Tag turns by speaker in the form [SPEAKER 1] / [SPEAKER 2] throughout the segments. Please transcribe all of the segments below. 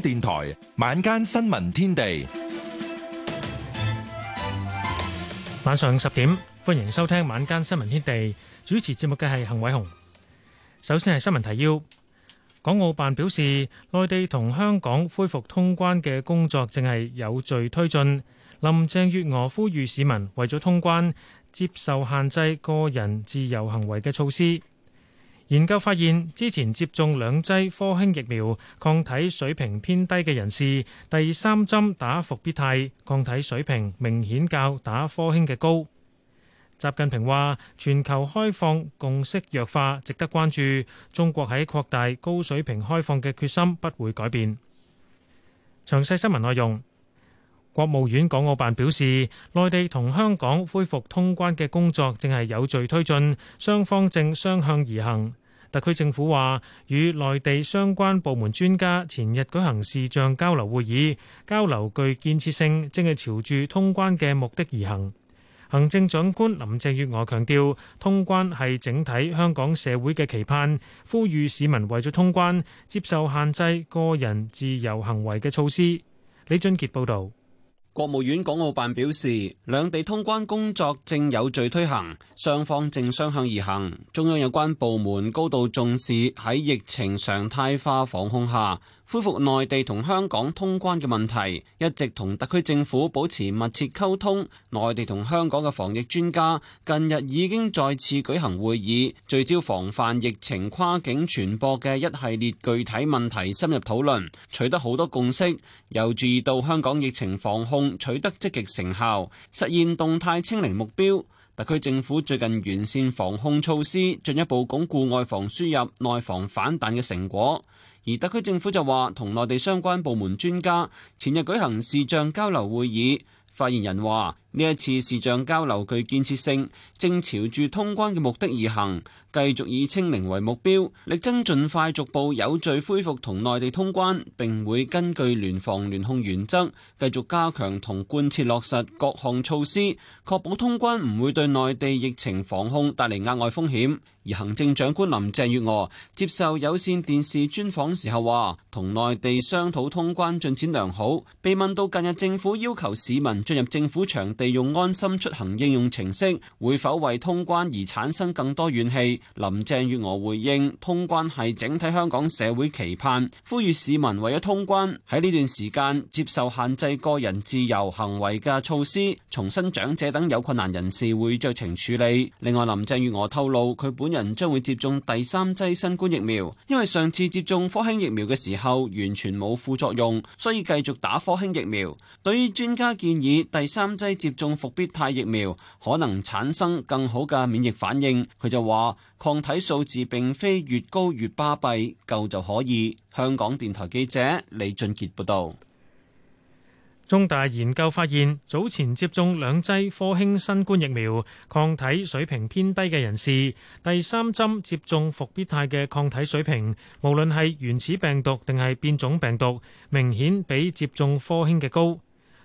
[SPEAKER 1] 電台晚間新聞天地，
[SPEAKER 2] 晚上十點，歡迎收聽晚間新聞天地。主持節目嘅係邢偉雄。首先係新聞提要：港澳辦表示，內地同香港恢復通關嘅工作正係有序推進。林鄭月娥呼籲市民為咗通關，接受限制個人自由行為嘅措施。研究發現，之前接種兩劑科興疫苗抗體水平偏低嘅人士，第三針打復必泰抗體水平明顯較打科興嘅高。習近平話：全球開放共識弱化值得關注，中國喺擴大高水平開放嘅決心不會改變。詳細新聞內容，國務院港澳辦表示，內地同香港恢復通關嘅工作正係有序推進，雙方正相向而行。特區政府話，與內地相關部門專家前日舉行視像交流會議，交流具建設性，正係朝住通關嘅目的而行。行政長官林鄭月娥強調，通關係整體香港社會嘅期盼，呼籲市民為咗通關，接受限制個人自由行為嘅措施。李俊傑報導。
[SPEAKER 3] 國務院港澳辦表示，兩地通關工作正有序推行，雙方正相向而行。中央有關部門高度重視喺疫情常態化防控下，恢復內地同香港通關嘅問題，一直同特區政府保持密切溝通。內地同香港嘅防疫專家近日已經再次舉行會議，聚焦防範疫情跨境傳播嘅一系列具體問題深入討論，取得好多共識。又注意到香港疫情防控取得積極成效，實現動態清零目標。特區政府最近完善防控措施，進一步鞏固外防輸入、內防反彈嘅成果。而特區政府就話，同內地相關部門專家前日舉行視像交流會議，發言人話，呢一次視像交流具建設性，正朝住通關嘅目的而行，繼續以清零為目標，力爭盡快逐步有序恢復同內地通關，並會根據聯防聯控原則，繼續加強同貫徹落實各項措施，確保通關唔會對內地疫情防控帶嚟額外風險。而行政長官林鄭月娥接受有線電視專訪時候話，同內地商討通關進展良好。被問到近日政府要求市民進入政府場，利用安心出行應用程式，會否為通關而產生更多怨氣？林鄭月娥回應通關係整體香港社會期盼，呼籲市民為咗通關喺呢段時間接受限制個人自由行為嘅措施。重新長者等有困難人士會酌情處理。另外，林鄭月娥透露佢本人將會接種第三劑新冠疫苗，因為上次接種科興疫苗嘅時候完全冇副作用，所以繼續打科興疫苗。對於專家建議第三劑接接種復必泰疫苗可能產生更好嘅免疫反應，佢就話抗體數字並非越高越巴閉，夠就可以。香港電台記者李俊杰報道：
[SPEAKER 2] 中大研究發現，早前接種兩劑科興新冠疫苗抗體水平偏低嘅人士，第三針接種復必泰嘅抗體水平，無論係原始病毒定係變種病毒，明顯比接種科興嘅高。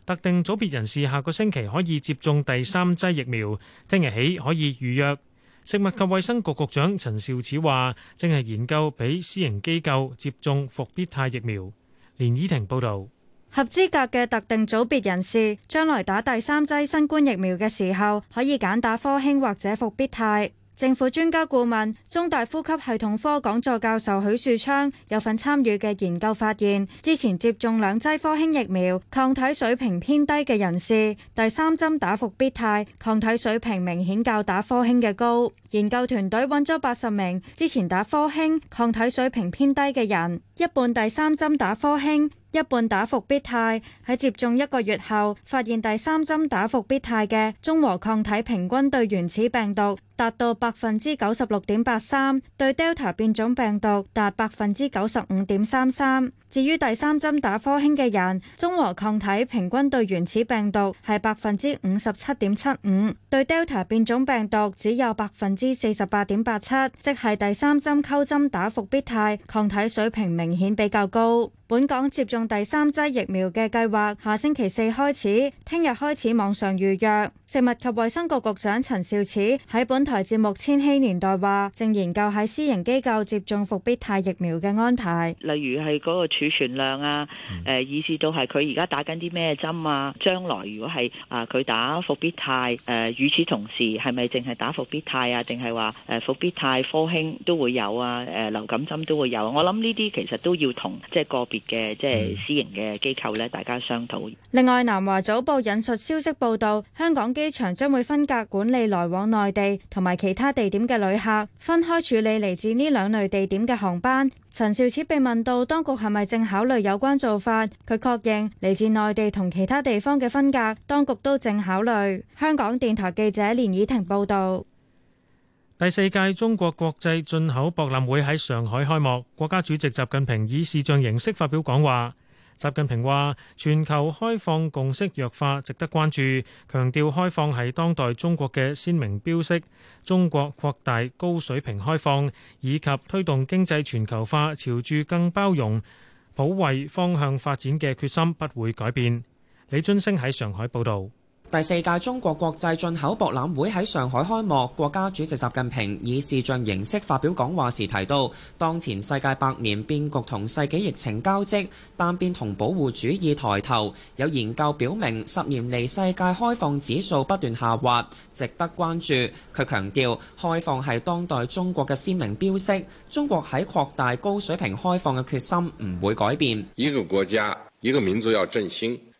[SPEAKER 2] 特定組別人士下個星期可以接種第三劑疫苗，聽日起可以預約。食物及衛生局局長陳肇始話，正係研究俾私營機構接種復必泰疫苗。連依婷報導，
[SPEAKER 4] 合資格嘅特定組別人士將來打第三劑新冠疫苗嘅時候，可以揀打科興或者復必泰。政府專家顧問、中大呼吸系統科講座教授許樹昌有份參與嘅研究發現，之前接種兩劑科興疫苗抗體水平偏低嘅人士，第三針打復必泰抗體水平明顯較打科興嘅高。研究團隊揾咗八十名之前打科興抗體水平偏低嘅人，一半第三針打科興。一半打復必泰，喺接種一個月後發現，第三針打復必泰嘅中和抗體平均對原始病毒達到百分之九十六點八三，對 Delta 變種病毒達百分之九十五點三三。至於第三針打科興嘅人，中和抗體平均對原始病毒係百分之五十七點七五，對 Delta 變種病毒只有百分之四十八點八七，即係第三針溝針打復必泰，抗體水平明顯比較高。本港接種第三劑疫苗嘅計劃，下星期四開始，聽日開始網上預約。食物及衛生局局長陳肇始喺本台節目《千禧年代》話，正研究喺私營機構接種復必泰疫苗
[SPEAKER 5] 嘅安排，例如係嗰個儲存量啊，誒、呃，以至到係佢而家打緊啲咩針啊，將來如果係啊，佢打復必泰，誒、呃，與此同時係咪淨係打復必泰啊，定係話誒復必泰科興都會有啊，誒、呃、流感針都會有，我諗呢啲其實都要同即係個別嘅即係私營嘅機構咧，大家商討。
[SPEAKER 4] 另外，南華早報引述消息報道，香港機場將會分隔管理來往內地同埋其他地點嘅旅客，分開處理嚟自呢兩類地點嘅航班。陳肇始被問到當局係咪正考慮有關做法，佢確認嚟自內地同其他地方嘅分隔，當局都正考慮。香港電台記者連以婷報道。
[SPEAKER 2] 第四屆中國國際進口博覽會喺上海開幕，國家主席習近平以視像形式發表講話。習近平話：全球開放共識弱化，值得關注。強調開放係當代中國嘅鮮明標識。中國擴大高水平開放，以及推動經濟全球化朝住更包容、普惠方向發展嘅決心不會改變。李津升喺上海報道。
[SPEAKER 6] 第四屆中國國際進口博覽會喺上海開幕，國家主席習近平以視像形式發表講話時提到，當前世界百年變局同世紀疫情交織，單邊同保護主義抬頭。有研究表明，十年嚟世界開放指數不斷下滑，值得關注。佢強調開放係當代中國嘅鮮明標識，中國喺擴大高水平開放嘅決心唔會改變。
[SPEAKER 7] 一個國家、一個民族要振興。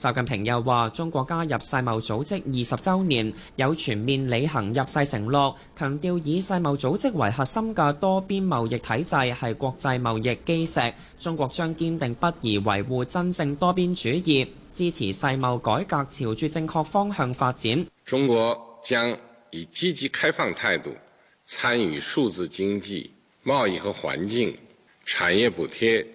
[SPEAKER 6] 習近平又話：中國加入世貿組織二十週年，有全面履行入世承諾，強調以世貿組織為核心嘅多邊貿易體制係國際貿易基石。中國將堅定不移維護真正多邊主義，支持世貿改革朝住正確方向發展。中國將以
[SPEAKER 7] 積極開放態度參
[SPEAKER 6] 與數字經濟、
[SPEAKER 7] 貿易和環境、產業補貼、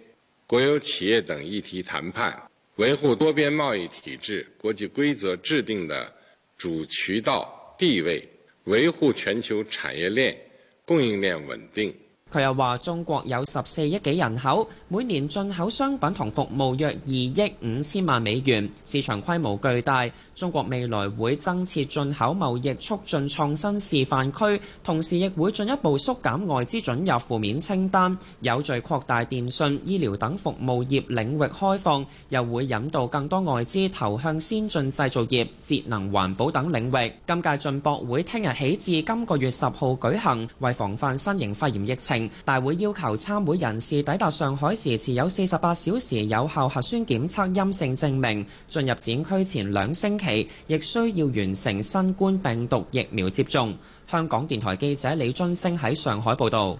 [SPEAKER 7] 國有企業等議題談判。維護多邊貿易體制、國際規則制定的主渠道地位，維護全球產業鏈、供應鏈穩定。
[SPEAKER 6] 佢又話：中國有十四億幾人口，每年進口商品同服務約二億五千萬美元，市場規模巨大。中國未來會增設進口貿易促進創新示範區，同時亦會進一步縮減外資准入負面清單，有序擴大電信、醫療等服務業領域開放，又會引導更多外資投向先進製造業、節能環保等領域。今屆進博會聽日起至今個月十號舉行，為防範新型肺炎疫情。大會要求參會人士抵達上海時持有四十八小時有效核酸檢測陰性證明，進入展區前兩星期亦需要完成新冠病毒疫苗接種。香港電台記者李津升喺上海報道。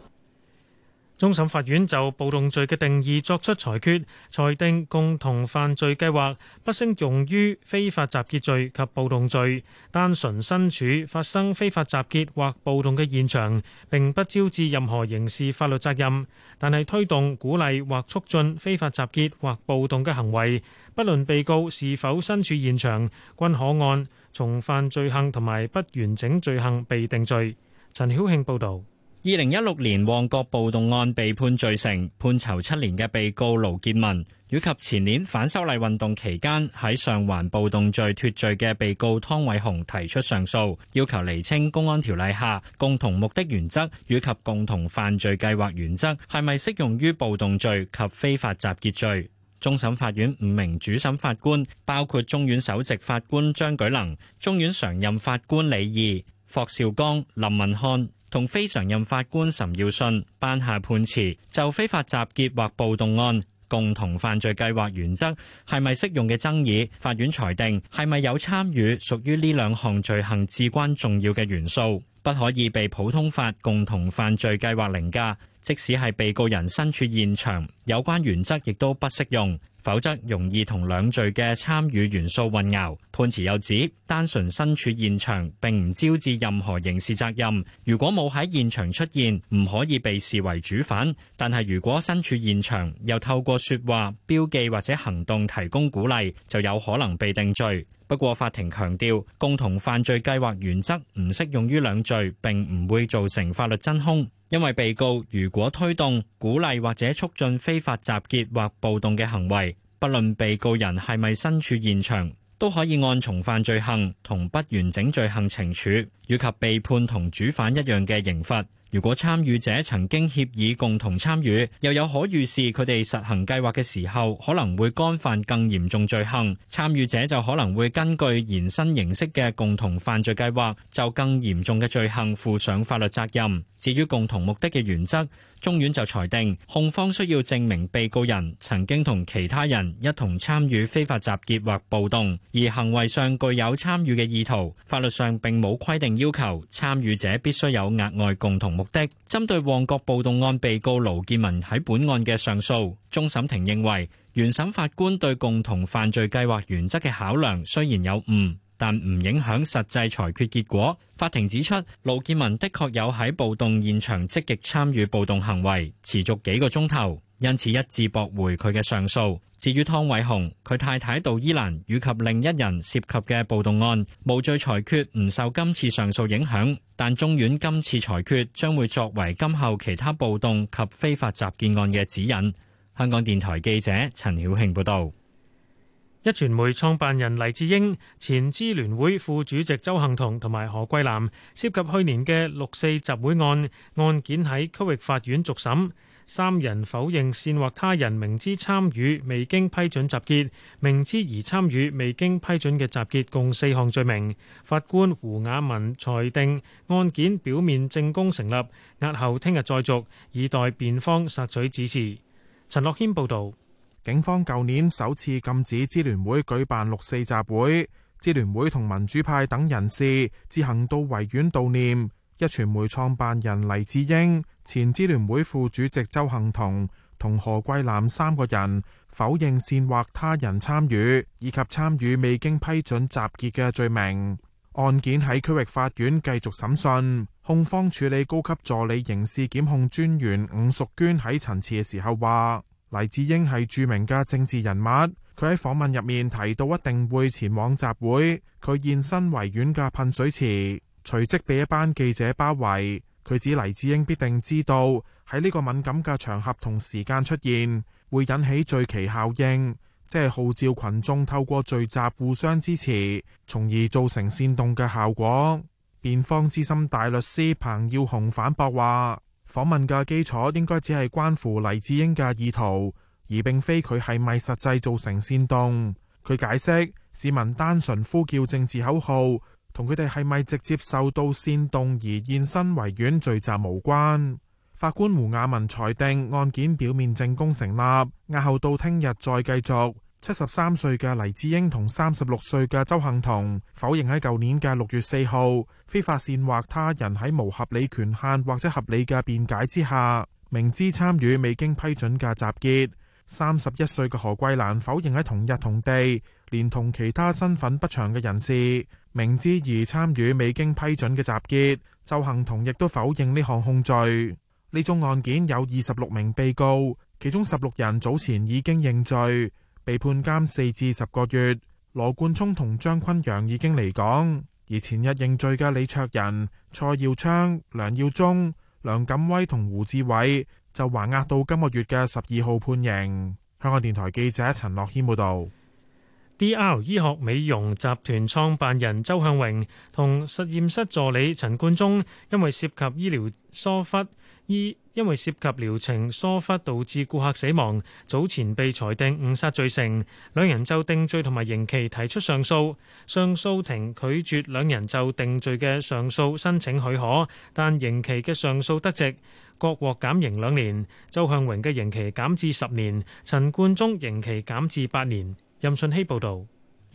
[SPEAKER 2] 終審法院就暴動罪嘅定義作出裁決，裁定共同犯罪計劃不適用於非法集結罪及暴動罪。單純身處發生非法集結或暴動嘅現場，並不招致任何刑事法律責任。但係推動、鼓勵或促進非法集結或暴動嘅行為，不論被告是否身處現場，均可按從犯罪行同埋不完整罪行被定罪。陳曉
[SPEAKER 8] 慶報導。二零一六年旺角暴動案被判罪成，判囚七年嘅被告盧建民，以及前年反修例運動期間喺上環暴動罪脫罪嘅被告湯偉雄提出上訴，要求釐清《公安條例》下共同目的原則以及共同犯罪計劃原則係咪適用於暴動罪及非法集結罪。終審法院五名主審法官包括中院首席法官張舉能、中院常任法官李義、霍兆剛、林文瀚、同非常任法官岑耀信頒下判詞，就非法集結或暴動案共同犯罪計劃原則係咪適用嘅爭議，法院裁定係咪有參與屬於呢兩項罪行至關重要嘅元素，不可以被普通法共同犯罪計劃凌駕，即使係被告人身處現場，有關原則亦都不適用。否則容易同兩罪嘅參與元素混淆。判詞又指，單純身處現場並唔招致任何刑事責任。如果冇喺現場出現，唔可以被視為主犯。但係如果身處現場，又透過説話、標記或者行動提供鼓勵，就有可能被定罪。不過法庭強調，共同犯罪計劃原則唔適用於兩罪，並唔會造成法律真空，因為被告如果推動、鼓勵或者促進非法集結或暴動嘅行為，不論被告人係咪身處現場，都可以按從犯罪行同不完整罪行懲處，以及被判同主犯一樣嘅刑罰。如果參與者曾經協議共同參與，又有可預示佢哋實行計劃嘅時候，可能會干犯更嚴重罪行，參與者就可能會根據延伸形式嘅共同犯罪計劃，就更嚴重嘅罪行負上法律責任。至於共同目的嘅原則。中院就裁定，控方需要證明被告人曾經同其他人一同參與非法集結或暴動，而行為上具有參與嘅意圖。法律上並冇規定要求參與者必須有額外共同目的。針對旺角暴動案被告盧建文喺本案嘅上訴，終審庭認為原審法官對共同犯罪計劃原則嘅考量雖然有誤。但唔影響實際裁決結果。法庭指出，盧建文的確有喺暴動現場積極參與暴動行為，持續幾個鐘頭，因此一致駁回佢嘅上訴。至於湯偉雄、佢太太杜依蘭以及另一人涉及嘅暴動案，無罪裁決唔受今次上訴影響，但中院今次裁決將會作為今後其他暴動及非法集結案嘅指引。香港電台記者陳曉慶報導。一傳媒創辦人黎智英、前支聯會副主席周幸彤同
[SPEAKER 2] 埋何桂藍涉及去年嘅六四集會案，案件喺區域法院續審，三人否認煽惑他人明知參與未經批准集結，明知而參與未經批准嘅集結，共四項罪名。法官胡雅文裁定案件表面證供成立，押後聽日再續，以
[SPEAKER 9] 待辯方索取指示。陳樂謙報道。警方舊年首次禁止支聯會舉辦六四集會，支聯會同民主派等人士自行到維園悼念。一傳媒創辦人黎智英、前支聯會副主席周幸彤同何桂藍三個人否認煽惑他人參與以及參與未經批准集結嘅罪名。案件喺區域法院繼續審訊，控方處理高級助理刑事檢控專員伍淑娟喺陳詞嘅時候話。黎智英係著名嘅政治人物，佢喺訪問入面提到一定會前往集會。佢現身維園嘅噴水池，隨即俾一班記者包圍。佢指黎智英必定知道喺呢個敏感嘅場合同時間出現，會引起聚期效應，即係號召群眾透過聚集互相支持，從而造成煽動嘅效果。辯方資深大律師彭耀雄反駁話。訪問嘅基礎應該只係關乎黎智英嘅意圖，而並非佢係咪實際造成煽動。佢解釋，市民單純呼叫政治口號，同佢哋係咪直接受到煽動而現身維園聚集無關。法官胡雅文裁定案件表面證供成立，押後到聽日再繼續。七十三歲嘅黎智英同三十六歲嘅鄒幸彤否認喺舊年嘅六月四號非法煽惑他人喺無合理權限或者合理嘅辯解之下，明知參與未經批准嘅集結。三十一歲嘅何桂蘭否認喺同日同地連同其他身份不詳嘅人士明知而參與未經批准嘅集結。鄒幸彤亦都否認呢項控罪。呢宗 案件有二十六名被告，其中十六人早前已經認罪。被判監四至十個月，羅冠聰同張坤陽已經離港，而前日認罪嘅李卓人、蔡耀昌、梁耀忠、梁錦威同胡志偉就還押到今個月嘅十二號判刑。香港電台記者陳諾謙報道。D.R. 醫學美容集團創辦人周向榮同實
[SPEAKER 2] 驗室助理陳冠中因為涉及醫療疏忽。二，因為涉及療程疏忽導致顧客死亡，早前被裁定誤殺罪成，兩人就定罪同埋刑期提出上訴，上訴庭拒絕兩人就定罪嘅上訴申請許可，但刑期嘅上訴得直，各獲減刑兩年，周向榮嘅刑期減至十年，陳冠中刑期減至八年。
[SPEAKER 1] 任信希報道。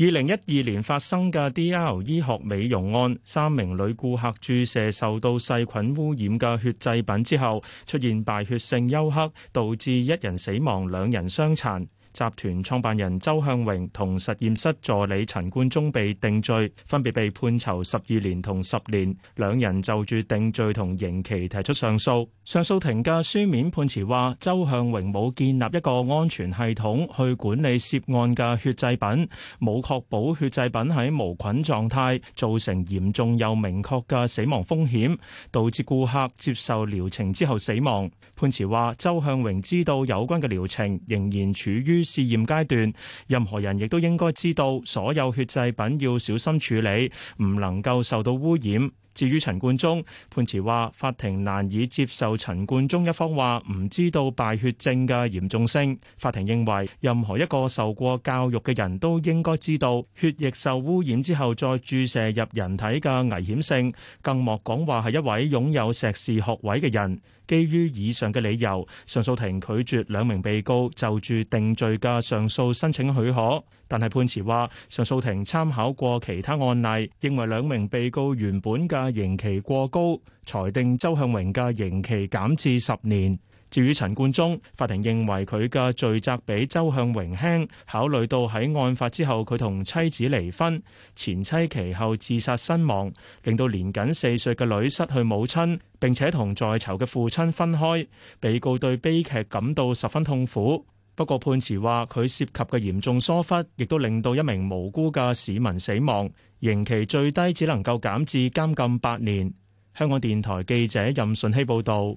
[SPEAKER 1] 二零一二年發生嘅 DR 醫學美容案，三名女顧客注射受到細菌污染嘅血製品之後，出現敗血性休克，導致一人死亡，兩人傷殘。集團創辦人周向榮同實驗室助理陳冠中被定罪，分別被判囚十二年同十年。兩人就住定罪同刑期提出上訴。上訴庭嘅書面判詞話：周向榮冇建立一個安全系統去管理涉案嘅血製品，冇確保血製品喺無菌狀態，造成嚴重又明確嘅死亡風險，導致顧客接受療程之後死亡。判詞話：周向榮知道有關嘅療程仍然處於於試驗階段，任何人亦都應該知道，所有血製品要小心處理，唔能夠受到污染。至於陳冠中，判詞話法庭難以接受陳冠中一方話唔知道敗血症嘅嚴重性。法庭認為，任何一個受過教育嘅人都應該知道，血液受污染之後再注射入人體嘅危險性，更莫講話係一位擁有碩士學位嘅人。基於以上嘅理由，上訴庭拒絕兩名被告就住定罪嘅上訴申請許可。但係判詞話，上訴庭參考過其他案例，認為兩名被告原本嘅刑期過高，裁定周向榮嘅刑期減至十年。至於陳冠中，法庭認為佢嘅罪責比周向榮輕，考慮到喺案發之後佢同妻子離婚，前妻其後自殺身亡，令到年僅四歲嘅女失去母親，並且同在囚嘅父親分開，被告對悲劇感到十分痛苦。不過判詞話佢涉及嘅嚴重疏忽，亦都令到一名無辜嘅市民死亡，刑期最低只能夠減至監禁八年。香港電台記者任順希報導。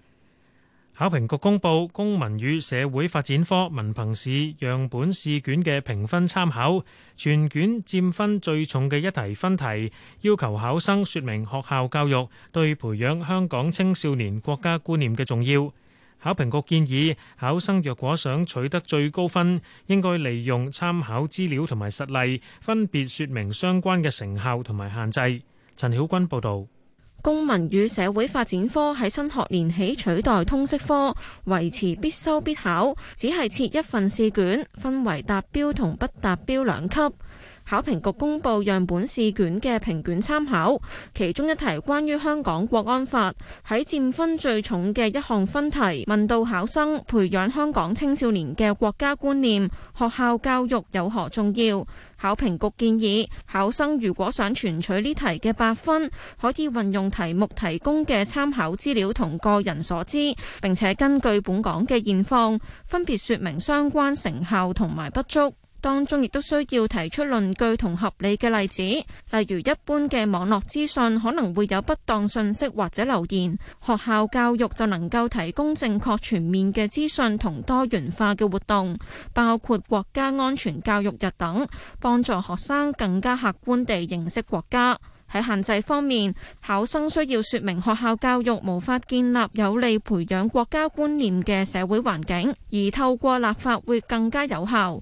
[SPEAKER 1] 考評局
[SPEAKER 2] 公布公民與社會發展科文憑試樣本試卷嘅評分參考，全卷占分最重嘅一題分題，要求考生說明學校教育對培養香港青少年國家觀念嘅重要。考評局建議考生若果想取得最高分，應該利用參考資料同埋實例，分別說明相關嘅成效同埋限制。陳曉君報道。
[SPEAKER 5] 公民與社會發展科喺新學年起取代通識科，維持必修必考，只係設一份試卷，分為達標同不達標兩級。考評局公佈樣本試卷嘅評卷參考，其中一題關於香港國安法，喺佔分最重嘅一項分題，問到考生培養香港青少年嘅國家觀念，學校教育有何重要？考評局建議考生如果想全取呢題嘅八分，可以運用題目提供嘅參考資料同個人所知，並且根據本港嘅現況，分別說明相關成效同埋不足。當中亦都需要提出論據同合理嘅例子，例如一般嘅網絡資訊可能會有不當信息，或者留言。學校教育就能夠提供正確全面嘅資訊同多元化嘅活動，包括國家安全教育日等，幫助學生更加客觀地認識國家。喺限制方面，考生需要說明學校教育無法建立有利培養國家觀念嘅社會環境，而透過立法會更加有效。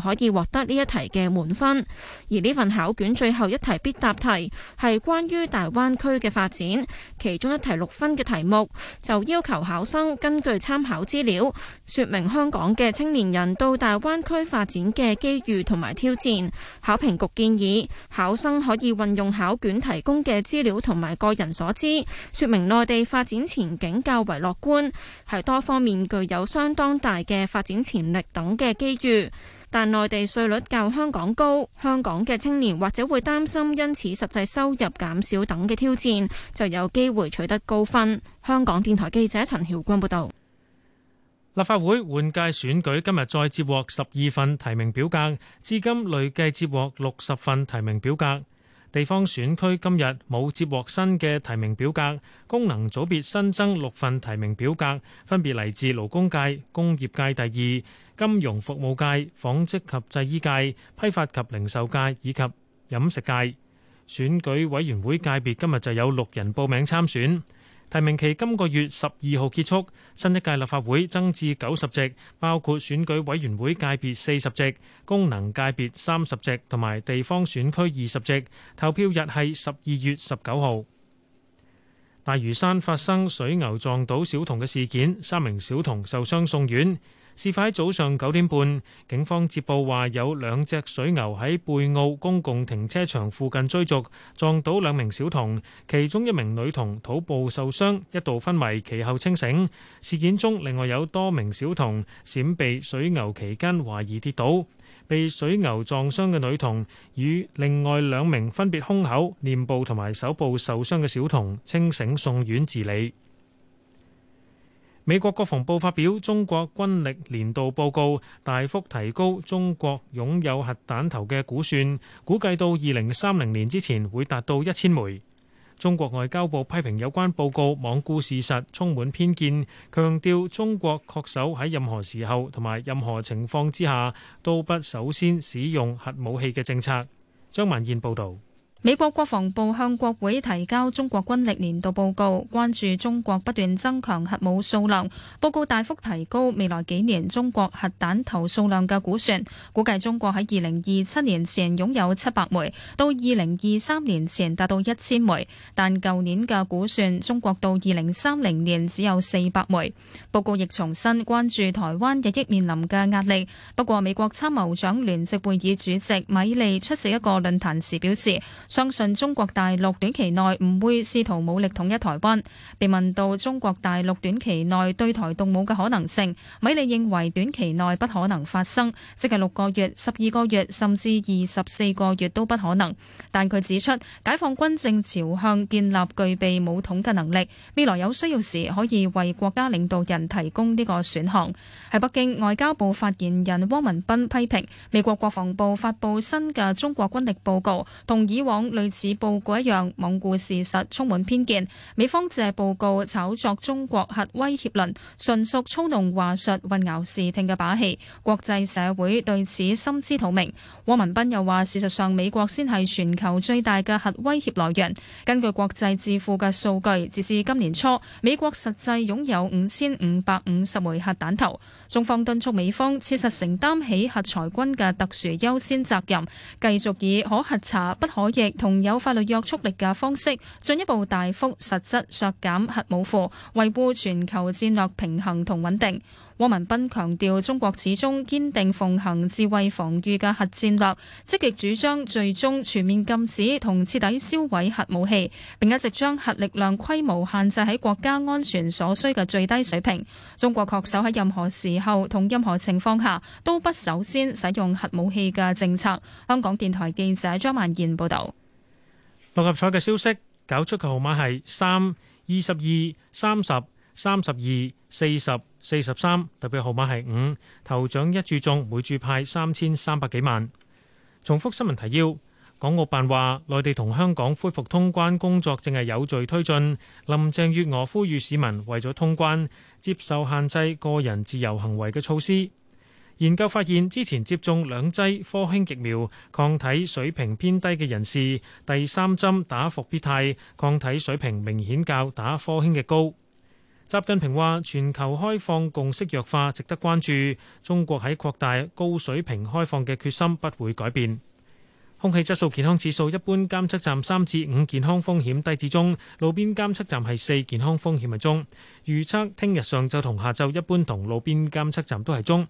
[SPEAKER 5] 可以獲得呢一題嘅滿分，而呢份考卷最後一題必答題係關於大灣區嘅發展。其中一題六分嘅題目就要求考生根據參考資料說明香港嘅青年人到大灣區發展嘅機遇同埋挑戰。考評局建議考生可以運用考卷提供嘅資料同埋個人所知，說明內地發展前景較為樂觀，喺多方面具有相當大嘅發展潛力等嘅機遇。但內地稅率較香港高，香港嘅青年或者會擔心因此實際收入減少等嘅挑戰，就有機會取得高分。香港電台記者陳曉君報道。
[SPEAKER 2] 立法會換屆選舉今日再接獲十二份提名表格，至今累計接獲六十份提名表格。地方選區今日冇接獲新嘅提名表格，功能組別新增六份提名表格，分別嚟自勞工界、工業界第二、金融服務界、紡織及製衣界、批發及零售界以及飲食界。選舉委員會界別今日就有六人報名參選。提名期今個月十二號結束，新一屆立法會增至九十席，包括選舉委員會界別四十席、功能界別三十席同埋地方選區二十席。投票日係十二月十九號。大嶼山發生水牛撞倒小童嘅事件，三名小童受傷送院。事發喺早上九點半，警方接報話有兩隻水牛喺貝澳公共停車場附近追逐，撞到兩名小童，其中一名女童肚部受傷，一度昏迷，其後清醒。事件中另外有多名小童閃避水牛期間懷疑跌倒，被水牛撞傷嘅女童與另外兩名分別胸口、臉部同埋手部受傷嘅小童清醒送院治理。美國國防部發表中國軍力年度報告，大幅提高中國擁有核彈頭嘅估算，估計到二零三零年之前會達到一千枚。中國外交部批評有關報告罔顧事實，充滿偏見，強調中國恪守喺任何時候同埋任何情況之下都不首先使用核武器嘅政策。張文燕報導。
[SPEAKER 10] 美國國防部向國會提交中國軍力年度報告，關注中國不斷增強核武數量。報告大幅提高未來幾年中國核彈頭數量嘅估算，估計中國喺二零二七年前擁有七百枚，到二零二三年前達到一千枚。但舊年嘅估算，中國到二零三零年只有四百枚。報告亦重新關注台灣日益面臨嘅壓力。不過，美國參謀長聯席會議主席米利出席一個論壇時表示：相信中國大陸短期內唔會試圖武力統一台灣。被問到中國大陸短期內對台動武嘅可能性，米利認為短期內不可能發生，即係六個月、十二個月甚至二十四個月都不可能。但佢指出，解放軍正朝向建立具備武統嘅能力，未來有需要時可以為國家領導人提供呢個選項。喺北京，外交部發言人汪文斌批評美國國防部發布新嘅中國軍力報告，同以往類似報告一樣罔顧事實，充滿偏見。美方借報告炒作中國核威脅論，純屬操弄話術、混淆視聽嘅把戲。國際社會對此心知肚明。汪文斌又話：事實上，美國先係全球最大嘅核威脅來源。根據國際智庫嘅數據，截至今年初，美國實際擁有五千五百五十枚核彈頭。中方敦促美方切實承擔起核裁軍嘅特殊優先責任，繼續以可核查、不可逆同有法律約束力嘅方式，進一步大幅實質削減核武庫，維護全球戰略平衡同穩定。汪文斌強調，中國始終堅定奉行自衛防御嘅核戰略，積極主張最終全面禁止同徹底銷毀核武器，並一直將核力量規模限制喺國家安全所需嘅最低水平。中國恪守喺任何時候同任何情況下都不首先使用核武器嘅政策。香港電台記者張萬燕報道。
[SPEAKER 2] 六合彩嘅消息，攪出嘅號碼係三二十二三十。三十二、四十四、十三，特別號碼係五。頭獎一注中，每注派三千三百幾萬。重複新聞提要：港澳辦話，內地同香港恢復通關工作正係有序推進。林鄭月娥呼籲市民為咗通關接受限制個人自由行為嘅措施。研究發現，之前接種兩劑科興疫苗抗體水平偏低嘅人士，第三針打復必泰抗體水平明顯較打科興嘅高。習近平話：全球開放共識弱化，值得關注。中國喺擴大高水平開放嘅決心不會改變。空氣質素健康指數一般監測站三至五，健康風險低至中；路邊監測站係四，健康風險係中。預測聽日上晝同下晝一般同路邊監測站都係中。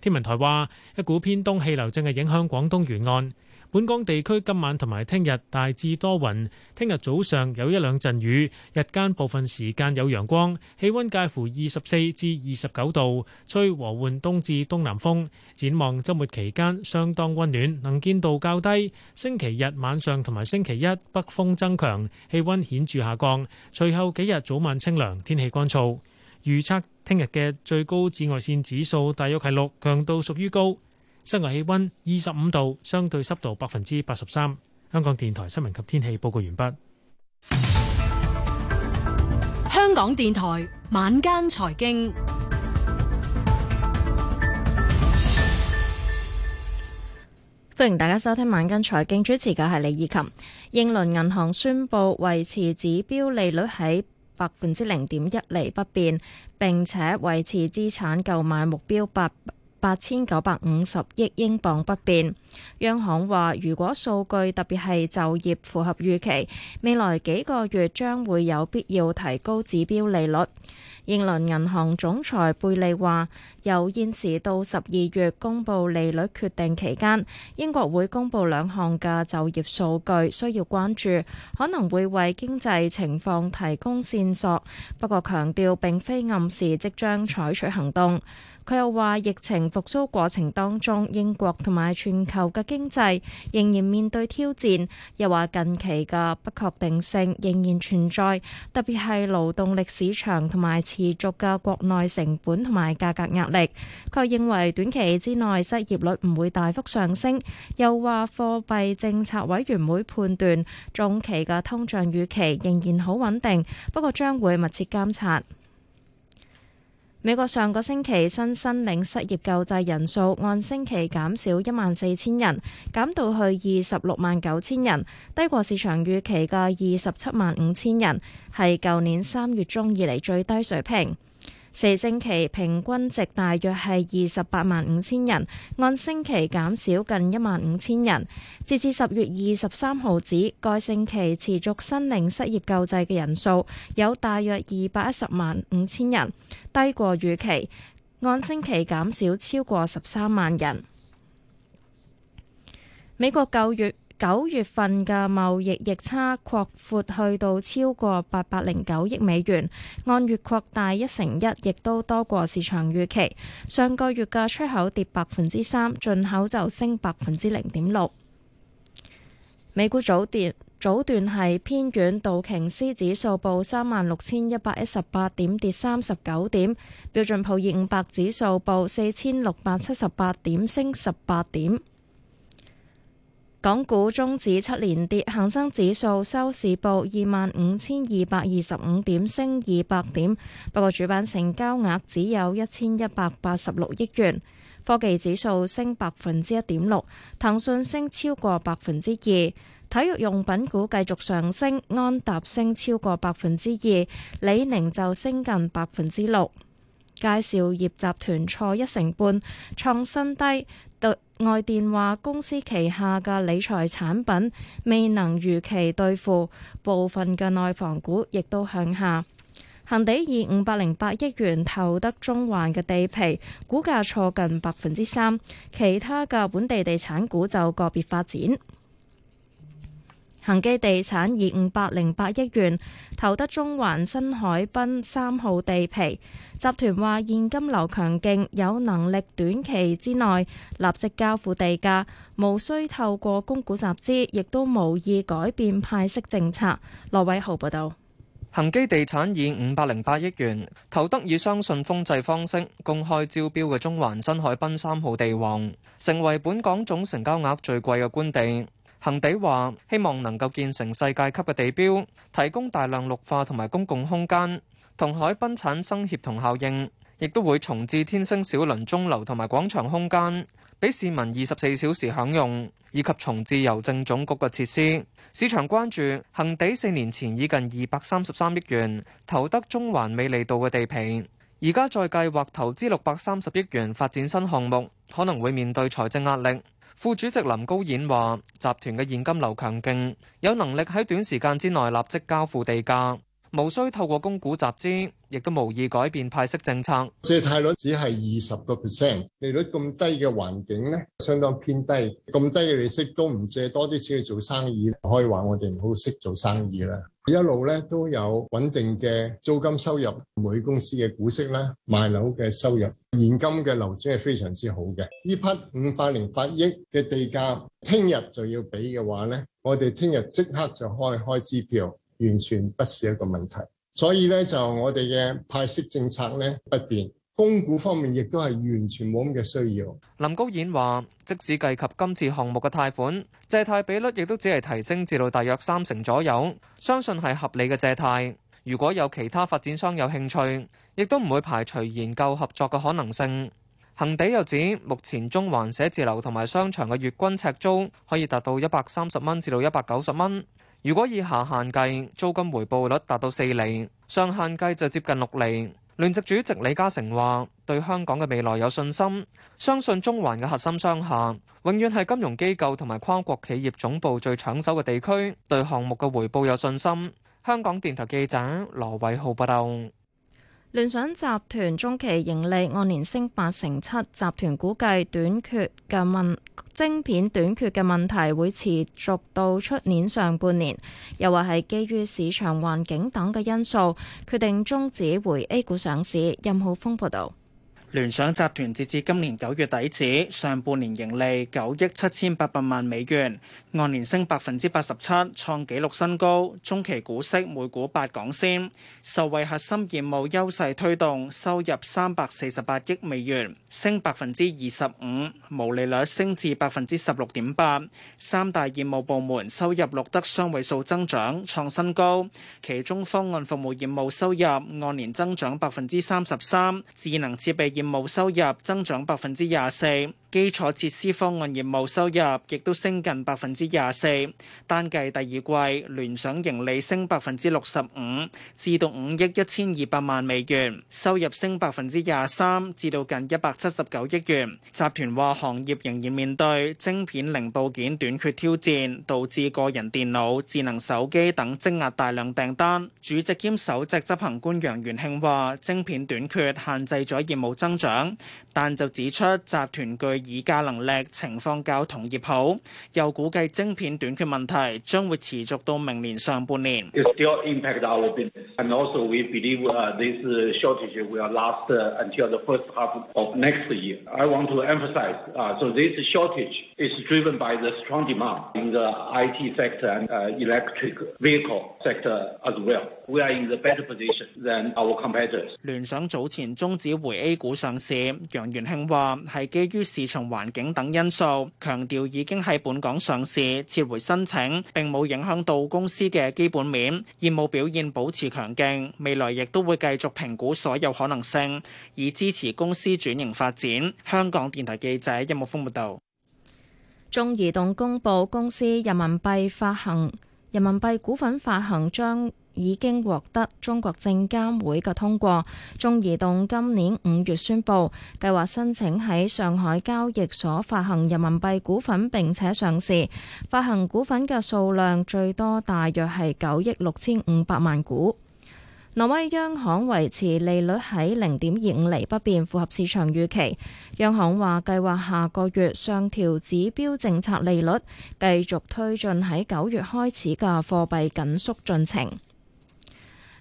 [SPEAKER 2] 天文台話：一股偏東氣流正係影響廣東沿岸。本港地區今晚同埋聽日大致多雲，聽日早上有一兩陣雨，日間部分時間有陽光，氣温介乎二十四至二十九度，吹和緩東至東南風。展望周末期間相當温暖，能見度較低。星期日晚上同埋星期一北風增強，氣温顯著下降。隨後幾日早晚清涼，天氣乾燥。預測聽日嘅最高紫外線指數大約係六，強度屬於高。室外氣溫二十五度，相對濕度百分之八十三。香港電台新聞及天氣報告完畢。
[SPEAKER 11] 香港電台晚間財經，
[SPEAKER 12] 歡迎大家收聽晚間財經，主持嘅係李以琴。英倫銀行宣布維持指標利率喺百分之零點一厘不變，並且維持資產購買目標八。八千九百五十億英鎊不變。央行話，如果數據特別係就業符合預期，未來幾個月將會有必要提高指標利率。英倫銀行總裁貝利話，由現時到十二月公布利率決定期間，英國會公布兩項嘅就業數據，需要關注，可能會為經濟情況提供線索。不過強調並非暗示即將採取行動。佢又話：疫情復甦過程當中，英國同埋全球嘅經濟仍然面對挑戰。又話近期嘅不確定性仍然存在，特別係勞動力市場同埋持續嘅國內成本同埋價格壓力。佢認為短期之內失業率唔會大幅上升。又話貨幣政策委員會判斷，中期嘅通脹預期仍然好穩定，不過將會密切監察。美國上個星期新申領失業救濟人數按星期減少一萬四千人，減到去二十六萬九千人，低過市場預期嘅二十七萬五千人，係舊年三月中以嚟最低水平。四星期平均值大約係二十八萬五千人，按星期減少近一萬五千人。截至十月二十三號止，該星期持續申領失業救濟嘅人數有大約二百一十萬五千人，低過預期，按星期減少超過十三萬人。美國九月九月份嘅貿易逆差擴闊去到超過八百零九億美元，按月擴大一成一，亦都多過市場預期。上個月嘅出口跌百分之三，進口就升百分之零點六。美股早段早段係偏軟，道瓊斯指數報三萬六千一百一十八點，跌三十九點；標準普爾五百指數報四千六百七十八點，升十八點。港股終止七連跌，恒生指數收市報二萬五千二百二十五點，升二百點。不過主板成交額只有一千一百八十六億元。科技指數升百分之一點六，騰訊升超過百分之二。體育用品股繼續上升，安踏升超過百分之二，李寧就升近百分之六。介紹業集團挫一成半，創新低。外電話公司旗下嘅理財產品未能如期兌付，部分嘅內房股亦都向下。恒地以五百零八億元投得中環嘅地皮，股價挫近百分之三。其他嘅本地地產股就個別發展。恒基地產以五百零八億元投得中環新海濱三號地皮，集團話現金流強勁，有能力短期之內立即交付地價，無需透過供股集資，亦都無意改變派息政策。羅偉豪報道。
[SPEAKER 11] 恒基地產以五百零八億元投得以雙信封制方式公開招標嘅中環新海濱三號地王，成為本港總成交額最貴嘅官地。恒地話：希望能夠建成世界級嘅地標，提供大量綠化同埋公共空間，同海濱產生協同效應，亦都會重置天星小輪鐘樓同埋廣場空間，俾市民二十四小時享用，以及重置郵政總局嘅設施。市場關注，恒地四年前以近二百三十三億元投得中環美利道嘅地皮，而家再計劃投資六百三十億元發展新項目，可能會面對財政壓力。副主席林高演話：集團嘅現金流強勁，有能力喺短時間之內立即交付地價，無需透過供股集資，亦都無意改變派息政策。借貸
[SPEAKER 8] 率只係二十個 percent，利率咁低嘅環境咧，相當偏低，咁低嘅利息都唔借多啲錢去做生意，可以話我哋唔好識做生意啦。一路咧都有穩定嘅租金收入，每公司嘅股息啦，賣樓嘅收入，現金嘅流轉係非常之好嘅。呢批五百零八億嘅地價，聽日就要俾嘅話呢，我哋聽日即刻就開開支票，完全不是一個問題。所以呢，就我哋嘅派息政策呢，不變。供股方面亦都係完全冇咁嘅需要。
[SPEAKER 11] 林高演話，即使計及今次項目嘅貸款借貸比率，亦都只係提升至到大約三成左右，相信係合理嘅借貸。如果有其他發展商有興趣，亦都唔會排除研究合作嘅可能性。恒地又指，目前中環寫字樓同埋商場嘅月均尺租可以達到一百三十蚊至到一百九十蚊。如果以下限計，租金回報率達到四厘；上限計就接近六厘。聯席主席李嘉誠話，對香港嘅未來有信心，相信中環嘅核心商廈永遠係金融機構同埋跨國企業總部最搶手嘅地區，對項目嘅回報有信心。香港電台記者羅偉浩報道。
[SPEAKER 12] 聯想集團中期盈利按年升八成七，集團估計短缺嘅問晶片短缺嘅問題會持續到出年上半年，又或係基於市場環境等嘅因素，決定終止回 A 股上市。任浩峰報道。
[SPEAKER 13] 聯想集團截至今年九月底止，上半年盈利九億七千八百萬美元，按年升百分之八十七，創紀錄新高。中期股息每股八港仙，受惠核心業務優勢推動，收入三百四十八億美元，升百分之二十五，毛利率升至百分之十六點八。三大業務部門收入錄得雙位數增長，創新高。其中方案服務業務收入按年增長百分之三十三，智能設備業。冇收入增長百分之廿四。基礎設施方案業務收入亦都升近百分之廿四，單計第二季聯想盈利升百分之六十五，至到五億一千二百萬美元，收入升百分之廿三，至到近一百七十九億元。集團話行業仍然面對晶片零部件短缺挑戰，導致個人電腦、智能手機等積壓大量訂單。主席兼首席執行官楊元慶話：晶片短缺限制咗業務增長，但就指出集團具議價能力情況較同業好，又估計晶片短缺問題將會持續到明年上半
[SPEAKER 1] 年。We are in the better position than our competitors.
[SPEAKER 13] 聯想早前終止回 A 股上市，楊元慶話，係基於市場環境等因素，強調已經喺本港上市撤回申請，並冇影響到公司嘅基本面業務表現保持強勁，未來亦都會繼續評估所有可能性，以支持公司轉型發展。香港電台記者任木峯報道。
[SPEAKER 12] 中移動公布公司人民幣發行人民幣股份發行將。已經獲得中國證監會嘅通過。中移動今年五月宣布計劃申請喺上海交易所發行人民幣股份並且上市，發行股份嘅數量最多大約係九億六千五百萬股。挪威央行維持利率喺零點二五厘不變，符合市場預期。央行話計劃下個月上調指標政策利率，繼續推進喺九月開始嘅貨幣緊縮進程。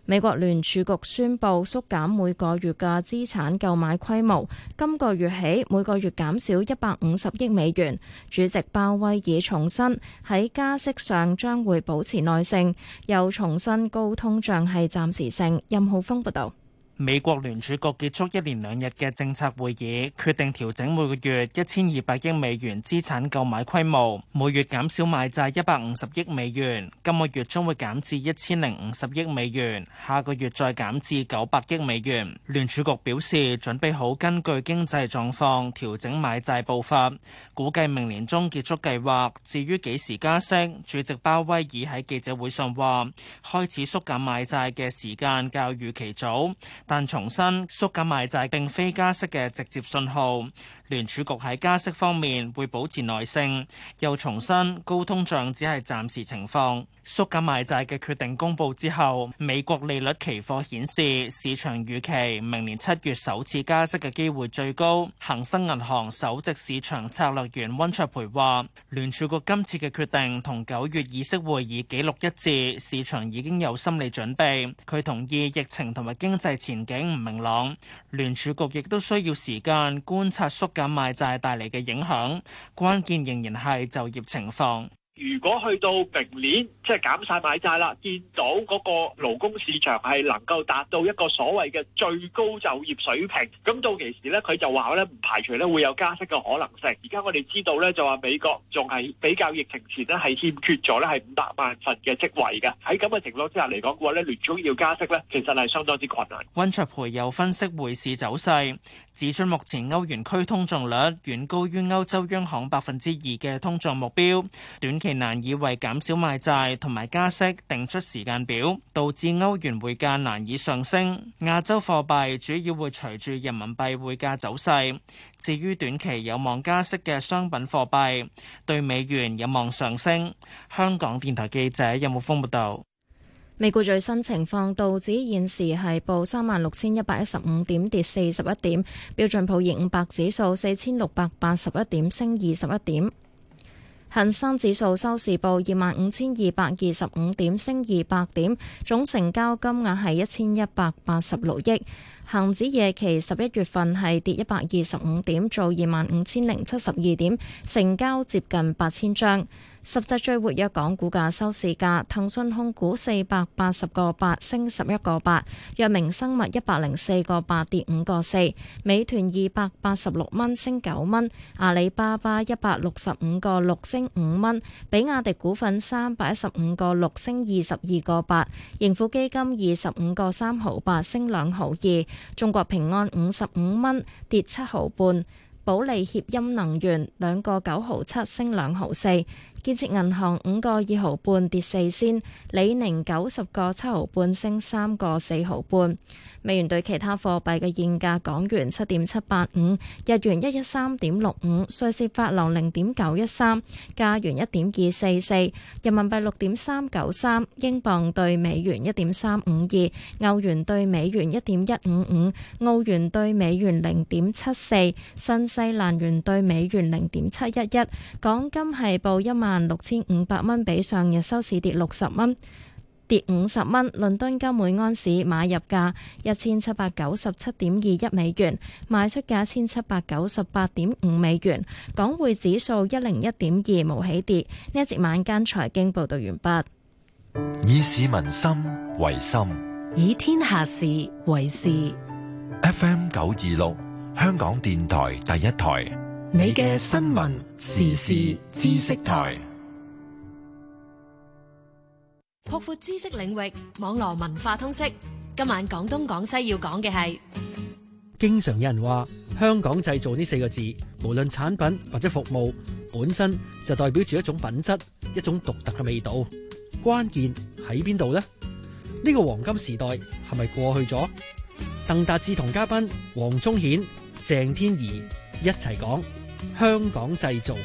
[SPEAKER 12] 美國聯儲局宣布縮減每個月嘅資產購買規模，今個月起每個月減少一百五十億美元。主席鮑威爾重申，喺加息上將會保持耐性，又重申高通脹係暫時性。任浩峰報道。
[SPEAKER 13] 美國聯儲局結束一連兩日嘅政策會議，決定調整每個月一千二百億美元資產購買規模，每月減少買債一百五十億美元，今個月將會減至一千零五十億美元，下個月再減至九百億美元。聯儲局表示，準備好根據經濟狀況調整買債步伐，估計明年中結束計劃。至於幾時加息，主席鮑威爾喺記者會上話，開始縮減買債嘅時間較預期早。但重申縮減買債並非加息嘅直接信號。聯儲局喺加息方面會保持耐性，又重申高通脹只係暫時情況。縮減買債嘅決定公布之後，美國利率期貨顯示市場預期明年七月首次加息嘅機會最高。恒生銀行首席市場策略員溫卓培話，聯儲局今次嘅決定同九月議息會議記錄一致，市場已經有心理準備。佢同意疫情同埋經濟前景唔明朗，聯儲局亦都需要時間觀察縮。減賣債帶嚟嘅影響，關鍵仍然係就業情況。
[SPEAKER 8] 如果去到明年，即係減晒買債啦，見到嗰個勞工市場係能夠達到一個所謂嘅最高就業水平，咁到其時咧，佢就話咧唔排除咧會有加息嘅可能性。而家我哋知道咧，就話美國仲係比較疫
[SPEAKER 1] 情前咧係欠缺咗咧係五百萬份嘅職位嘅。喺咁嘅情況之下嚟講嘅話咧，聯儲要加息咧，其實係相當之困難。
[SPEAKER 13] 溫卓培又分析匯市走勢，指出目前歐元區通脹率遠高於歐洲央行百分之二嘅通脹目標，短其難以為減少買債同埋加息定出時間表，導致歐元匯價難以上升。亞洲貨幣主要會隨住人民幣匯價走勢。至於短期有望加息嘅商品貨幣，對美元有望上升。香港電台記者任木峰報導。
[SPEAKER 12] 美股最新情況，道指現時係報三萬六千一百一十五點，跌四十一點；標準普爾五百指數四千六百八十一點，升二十一點。恒生指數收市報二萬五千二百二十五點，升二百點，總成交金額係一千一百八十六億。恒指夜期十一月份係跌一百二十五點，做二萬五千零七十二點，成交接近八千張。十隻最活躍港股嘅收市價，騰訊控股四百八十個八，升十一個八；藥明生物一百零四個八，跌五個四；美團二百八十六蚊，升九蚊；阿里巴巴一百六十五個六，升五蚊；比亞迪股份三百一十五個六，升二十二個八；盈富基金二十五個三毫八，升兩毫二；中國平安五十五蚊，跌七毫半；保利協鑫能源兩個九毫七，升兩毫四。建設銀行五個二毫半，跌四仙。李寧九十個七毫半升三個四毫半。美元對其他貨幣嘅現價：港元七點七八五，日元一一三點六五，瑞士法郎零點九一三，加元一點二四四，人民幣六點三九三，英鎊兌美元一點三五二，歐元兌美元一點一五五，澳元兌美元零點七四，新西蘭元兌美元零點七一一。港金係報一萬萬六千五百蚊，比上日收市跌六十蚊，跌五十蚊。倫敦金每安士買入價一千七百九十七點二一美元，賣出價一千七百九十八點五美元。港匯指數一零一點二，無起跌。呢一節晚間財經報道完畢。
[SPEAKER 8] 以市民心為心，
[SPEAKER 12] 以天下事為事。
[SPEAKER 8] FM 九二六，香港電
[SPEAKER 1] 台第一台。你嘅新聞時事知識台，
[SPEAKER 10] 擴闊知識領域，網絡文化通
[SPEAKER 12] 識。今晚講東講西要講嘅係，
[SPEAKER 8] 經常有人話香港製造呢四個字，無論產品或者服務，本身就代表住一種品質，一種獨特嘅味道。關鍵喺邊度呢？呢、這個黃金時代係咪過去咗？鄧達志同嘉賓黃宗顯、鄭天儀一齊講。香港製造。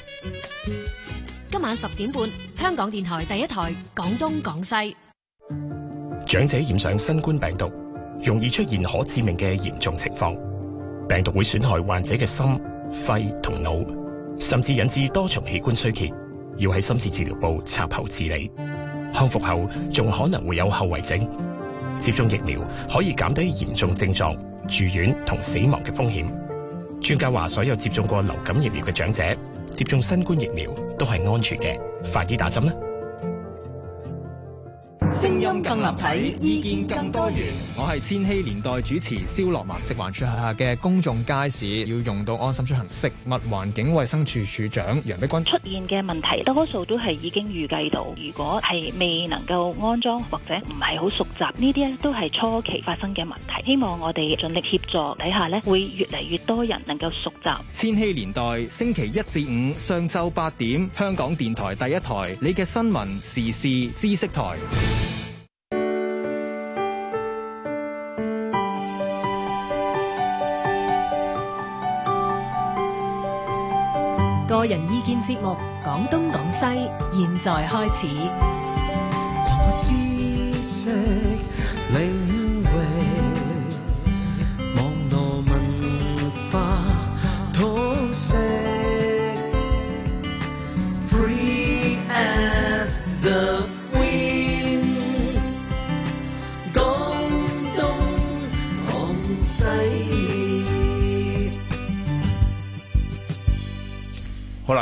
[SPEAKER 6] 今晚十點
[SPEAKER 11] 半，香港電台第一台講東講西。
[SPEAKER 1] 長者染上新冠病毒，容易出現可致命嘅嚴重情況。病毒會損害患者嘅心、肺同腦，甚至引致多重器官衰竭，要喺深切治療部插喉治理。康復後仲可能會有後遺症。接種疫苗可以減低嚴重症狀、住院同死亡嘅風險。專家話：所有接種過流感疫苗嘅長者，接種新冠疫苗都係安全嘅，快啲打針啦！
[SPEAKER 13] 聲音更立體，意見更多元。我係千禧年代主持蕭樂文，食環署轄下嘅公眾街市要用到安心出行，食物環境衛生署署長楊碧君出
[SPEAKER 12] 現嘅問題，多數都係已經預計到。如果係未能夠安裝或者唔係好熟習，呢啲咧都係初期發生嘅問題。希望我哋盡力協助底下咧，會越嚟越多人能夠熟習。
[SPEAKER 13] 千禧年代星期一至五上晝八點，香港電台第一台你嘅新聞時事知識台。
[SPEAKER 10] 個人意見節目《講東講西》，現在開始。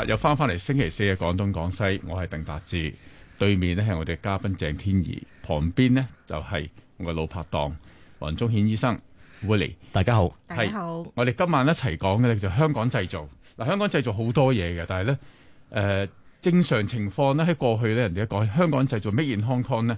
[SPEAKER 7] 又翻翻嚟星期四嘅廣東廣西，我係鄧達志，對面呢係我哋嘉賓鄭天儀，旁邊呢就係、是、我嘅老拍檔黃宗憲醫生，Willy 大家好，大家好，我哋今晚一齊講嘅咧就香港製造，嗱香港製造好多嘢嘅，但係咧，誒正常情況咧，喺過去咧，人哋一講香港製造 made in Hong Kong 咧，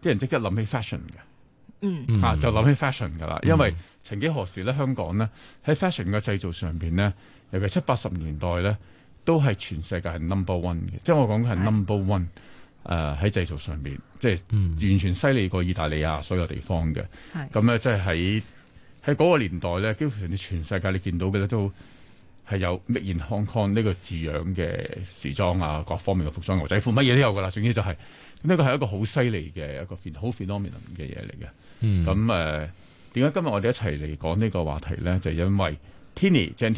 [SPEAKER 7] 啲人即刻諗起 fashion 嘅，
[SPEAKER 10] 嗯啊就
[SPEAKER 7] 諗起 fashion 噶啦，因為曾幾何時咧香港咧喺 fashion 嘅製造上邊咧，尤其七八十年代咧。都係全世界係 number one 嘅，即係我講嘅係 number one，誒的，喺、呃、製造上面，即係完全犀利過意大利啊所有地方嘅。咁咧的、嗯、即係喺喺個年代咧，幾乎你全世界你見到嘅咧都係有 made in Hong Kong 呢個字樣嘅時裝啊，各方面嘅服裝牛仔褲乜嘢都有㗎啦。總之就係呢個係一個好犀利嘅一個好 phenomenon 嘅嘢嚟嘅。咁
[SPEAKER 10] 誒點解今日我哋一齊嚟講呢個話題咧？就係、是、因為 Tina y